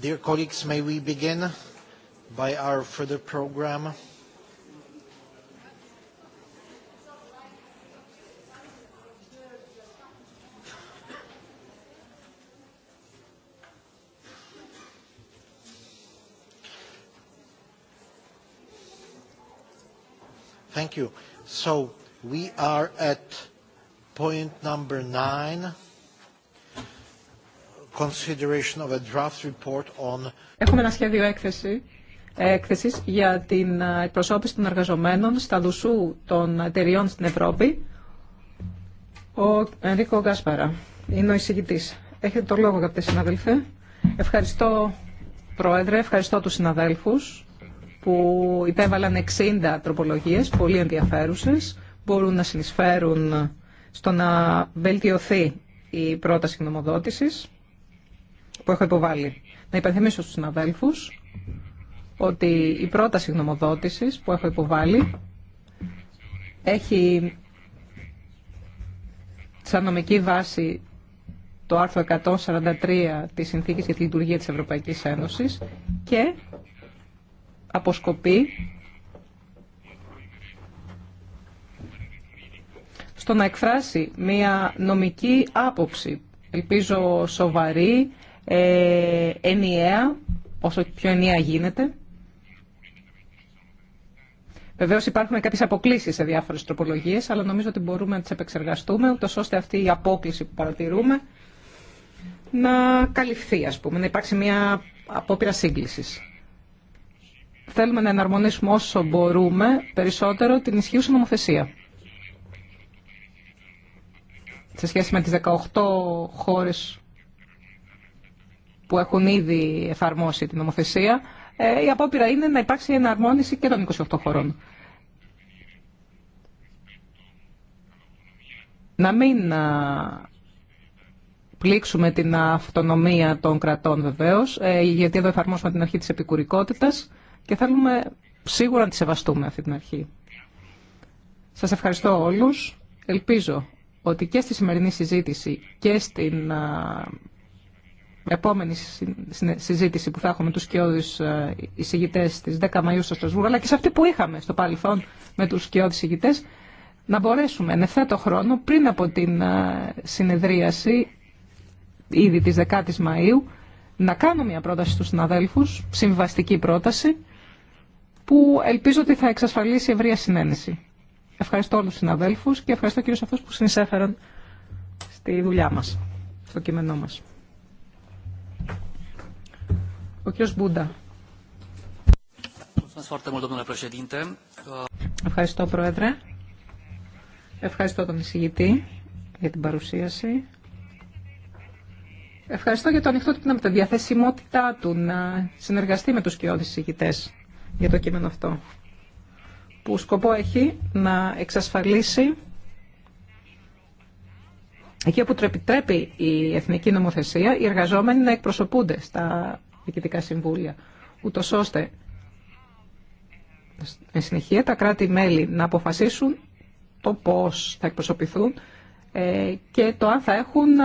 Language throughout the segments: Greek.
Dear colleagues, may we begin by our further program? Thank you. So we are at point number nine Έχουμε ένα σχέδιο έκθεση, έκθεσης για την ε, εκπροσώπηση των εργαζομένων στα δουσού των εταιριών στην Ευρώπη. Ο Ενρίκο Γκάσπαρα είναι ο εισηγητής. Έχετε το λόγο, αγαπητέ συναδελφέ. Ευχαριστώ, Πρόεδρε, ευχαριστώ τους συναδέλφους που υπέβαλαν 60 τροπολογίες, πολύ ενδιαφέρουσες, μπορούν να συνεισφέρουν στο να βελτιωθεί η πρόταση νομοδότησης που έχω Να υπενθυμίσω στους συναδέλφους ότι η πρόταση γνωμοδότησης που έχω υποβάλει έχει σαν νομική βάση το άρθρο 143 της Συνθήκης για τη Λειτουργία της Ευρωπαϊκής Ένωσης και αποσκοπεί στο να εκφράσει μία νομική άποψη, ελπίζω σοβαρή, ε, ενιαία, όσο πιο ενιαία γίνεται. Βεβαίω υπάρχουν κάποιε αποκλήσει σε διάφορε τροπολογίες, αλλά νομίζω ότι μπορούμε να τι επεξεργαστούμε, ούτω ώστε αυτή η απόκληση που παρατηρούμε να καλυφθεί, α πούμε, να υπάρξει μια απόπειρα σύγκληση. Θέλουμε να εναρμονίσουμε όσο μπορούμε περισσότερο την ισχύουσα νομοθεσία. Σε σχέση με τις 18 χώρες που έχουν ήδη εφαρμόσει την νομοθεσία, ε, η απόπειρα είναι να υπάρξει εναρμόνιση και των 28 χωρών. Να μην πλήξουμε την αυτονομία των κρατών βεβαίως, ε, γιατί εδώ εφαρμόσουμε την αρχή της επικουρικότητας και θέλουμε σίγουρα να τη σεβαστούμε αυτή την αρχή. Σας ευχαριστώ όλους. Ελπίζω ότι και στη σημερινή συζήτηση και στην επόμενη συζήτηση που θα έχουμε τους σκιώδεις ε, εισηγητές στις 10 Μαΐου στο Στρασβούργο, αλλά και σε αυτή που είχαμε στο παρελθόν με τους σκιώδεις εισηγητές, να μπορέσουμε εν ευθέτω χρόνο πριν από την ε, συνεδρίαση ήδη της 10ης Μαΐου να κάνω μια πρόταση στους συναδέλφους, συμβαστική πρόταση, που ελπίζω ότι θα εξασφαλίσει ευρεία συνένεση. Ευχαριστώ όλους τους συναδέλφους και ευχαριστώ κυρίως αυτούς που συνεισέφεραν στη δουλειά μας, στο κείμενό μας. Ο κύριος Μπούντα. Ευχαριστώ, Πρόεδρε. Ευχαριστώ τον εισηγητή για την παρουσίαση. Ευχαριστώ για το ανοιχτό του πνεύμα, τη διαθέσιμότητά του να συνεργαστεί με τους κοιόδης εισηγητέ για το κείμενο αυτό, που σκοπό έχει να εξασφαλίσει εκεί όπου το επιτρέπει η εθνική νομοθεσία, οι εργαζόμενοι να εκπροσωπούνται στα διοικητικά συμβούλια, ούτω ώστε με συνεχεία τα κράτη-μέλη να αποφασίσουν το πώς θα εκπροσωπηθούν ε, και το αν θα έχουν ε,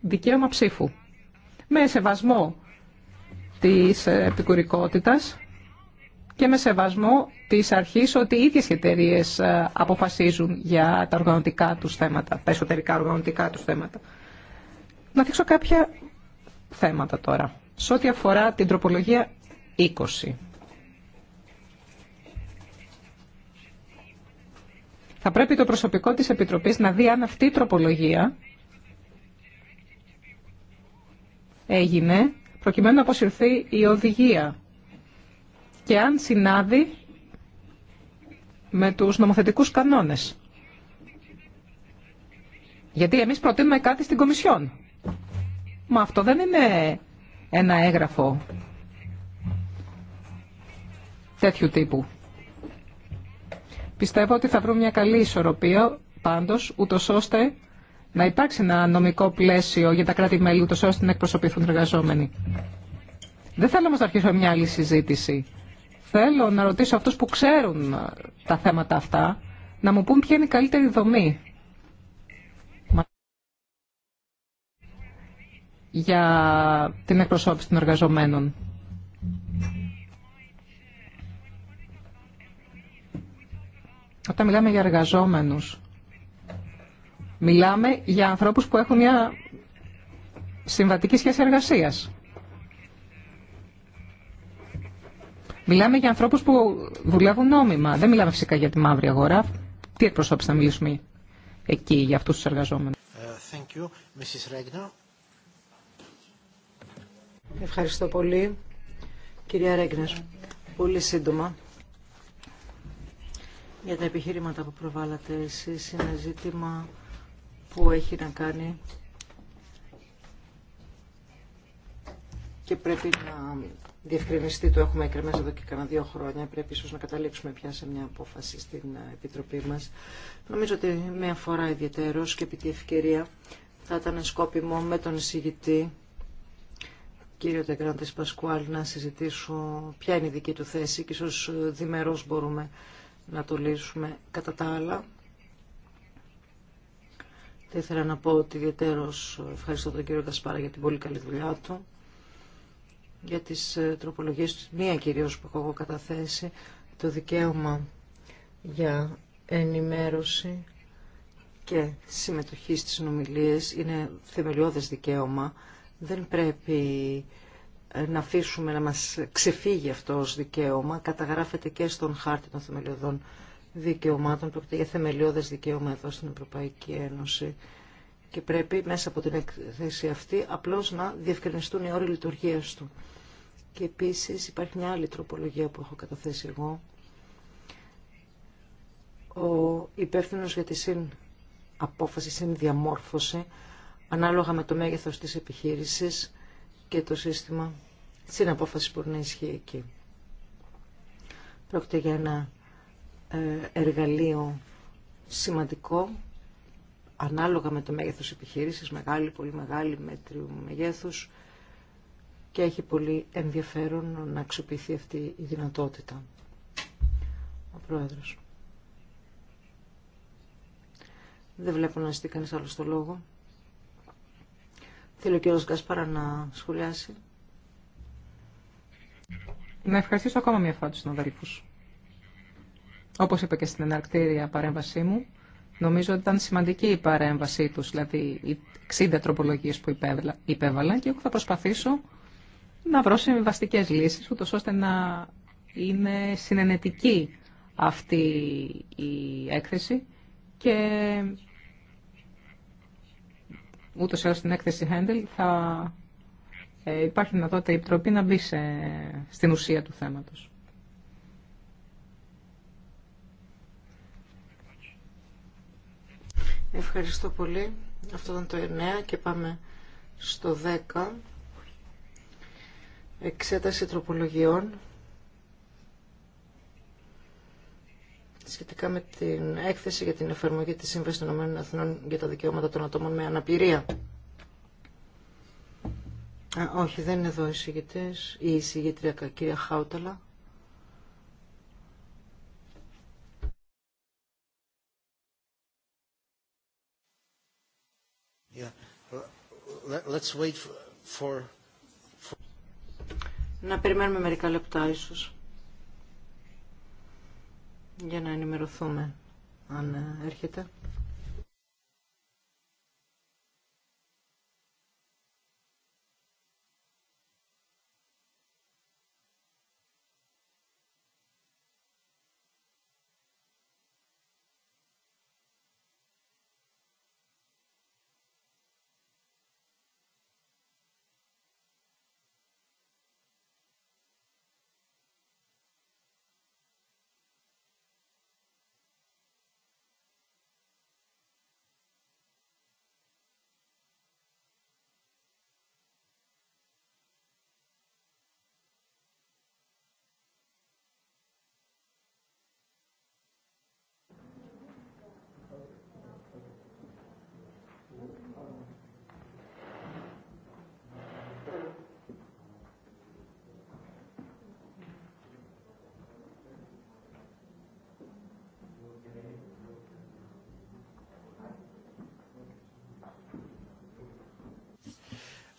δικαίωμα ψήφου. Με σεβασμό της ε, επικουρικότητας και με σεβασμό της αρχής ότι οι ίδιες εταιρείε αποφασίζουν για τα οργανωτικά τους θέματα, τα εσωτερικά οργανωτικά τους θέματα. Να δείξω κάποια θέματα τώρα σε ό,τι αφορά την τροπολογία 20. Θα πρέπει το προσωπικό της Επιτροπής να δει αν αυτή η τροπολογία έγινε προκειμένου να αποσυρθεί η οδηγία και αν συνάδει με τους νομοθετικούς κανόνες. Γιατί εμείς προτείνουμε κάτι στην Κομισιόν. Μα αυτό δεν είναι ένα έγγραφο τέτοιου τύπου. Πιστεύω ότι θα βρούμε μια καλή ισορροπία πάντως, ούτω ώστε να υπάρξει ένα νομικό πλαίσιο για τα κράτη-μέλη, ούτως ώστε να εκπροσωπηθούν εργαζόμενοι. Δεν θέλω όμως να αρχίσω μια άλλη συζήτηση. Θέλω να ρωτήσω αυτούς που ξέρουν τα θέματα αυτά, να μου πούν ποια είναι η καλύτερη δομή για την εκπροσώπηση των εργαζομένων. Όταν μιλάμε για εργαζόμενους, μιλάμε για ανθρώπους που έχουν μια συμβατική σχέση εργασίας. Μιλάμε για ανθρώπους που δουλεύουν νόμιμα. Δεν μιλάμε φυσικά για τη μαύρη αγορά. Τι εκπροσώπηση θα μιλήσουμε εκεί για αυτούς τους εργαζόμενους. Ε, thank Ευχαριστώ πολύ. Κυρία Ρέγκνερ, πολύ σύντομα. Για τα επιχείρηματα που προβάλλατε εσείς είναι ζήτημα που έχει να κάνει και πρέπει να διευκρινιστεί, το έχουμε εκκρεμές εδώ και κανένα δύο χρόνια, πρέπει ίσως να καταλήξουμε πια σε μια απόφαση στην Επιτροπή μας. Νομίζω ότι με αφορά ιδιαίτερος και επί τη ευκαιρία θα ήταν σκόπιμο με τον εισηγητή κύριο Τεγκράντε Πασκουάλ να συζητήσω ποια είναι η δική του θέση και ίσως διμερώς μπορούμε να το λύσουμε κατά τα άλλα. Θα ήθελα να πω ότι ιδιαίτερος ευχαριστώ τον κύριο Κασπάρα για την πολύ καλή δουλειά του, για τι ε, τροπολογίε του, μία κυρίω που έχω καταθέσει, το δικαίωμα για ενημέρωση και συμμετοχή στις συνομιλίε είναι θεμελιώδε δικαίωμα δεν πρέπει ε, να αφήσουμε να μας ξεφύγει αυτό ως δικαίωμα. Καταγράφεται και στον χάρτη των θεμελιωδών δικαιωμάτων. Πρόκειται για θεμελιώδες δικαίωμα εδώ στην Ευρωπαϊκή Ένωση. Και πρέπει μέσα από την εκθέση αυτή απλώς να διευκρινιστούν οι όροι λειτουργίας του. Και επίσης υπάρχει μια άλλη τροπολογία που έχω καταθέσει εγώ. Ο υπεύθυνο για τη συν απόφαση, συν διαμόρφωση ανάλογα με το μέγεθος της επιχείρησης και το σύστημα συναπόφαση μπορεί να ισχύει εκεί. Πρόκειται για ένα ε, εργαλείο σημαντικό ανάλογα με το μέγεθος επιχείρησης, μεγάλη, πολύ μεγάλη, μέτριου μεγέθους και έχει πολύ ενδιαφέρον να αξιοποιηθεί αυτή η δυνατότητα. Ο Πρόεδρος. Δεν βλέπω να ζητεί κανείς άλλο το λόγο. Θέλει ο κ. Γκάσπαρα να σχολιάσει. Να ευχαριστήσω ακόμα μια φορά του συναδελφούς. Όπως είπε και στην εναρκτήρια παρέμβασή μου, νομίζω ότι ήταν σημαντική η παρέμβασή τους, δηλαδή οι 60 τροπολογίες που υπέβαλαν και εγώ θα προσπαθήσω να βρω συμβιβαστικές λύσεις, ούτως ώστε να είναι συνενετική αυτή η έκθεση και ή άλλω στην έκθεση Handel θα ε, υπάρχει δυνατότητα η Επιτροπή να μπει σε, στην ουσία του θέματο. Ευχαριστώ πολύ. Αυτό ήταν το 9 και πάμε στο 10. Εξέταση τροπολογιών. σχετικά με την έκθεση για την εφαρμογή της Σύμβασης των Ηνωμένων για τα δικαιώματα των ατόμων με αναπηρία. Α, όχι, δεν είναι εδώ οι εισηγητές. Η συγγετρία κυρία Χάουταλα. Να περιμένουμε μερικά λεπτά ίσως για να ενημερωθούμε αν ε, έρχεται.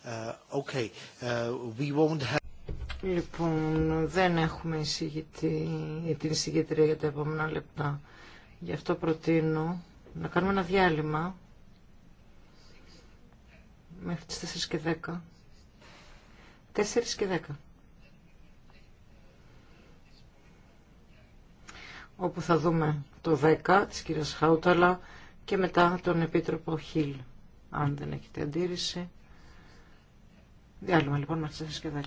Uh, uh, λοιπόν, δεν έχουμε εισηγητή, την εισηγητρία για τα επόμενα λεπτά. Γι' αυτό προτείνω να κάνουμε ένα διάλειμμα μέχρι τις 4 και 10. 4 και 10. όπου θα δούμε το 10 της κυρίας Χάουταλα και μετά τον Επίτροπο Χίλ, αν δεν έχετε αντίρρηση. Διάλειμμα λοιπόν μέχρι τι και 10.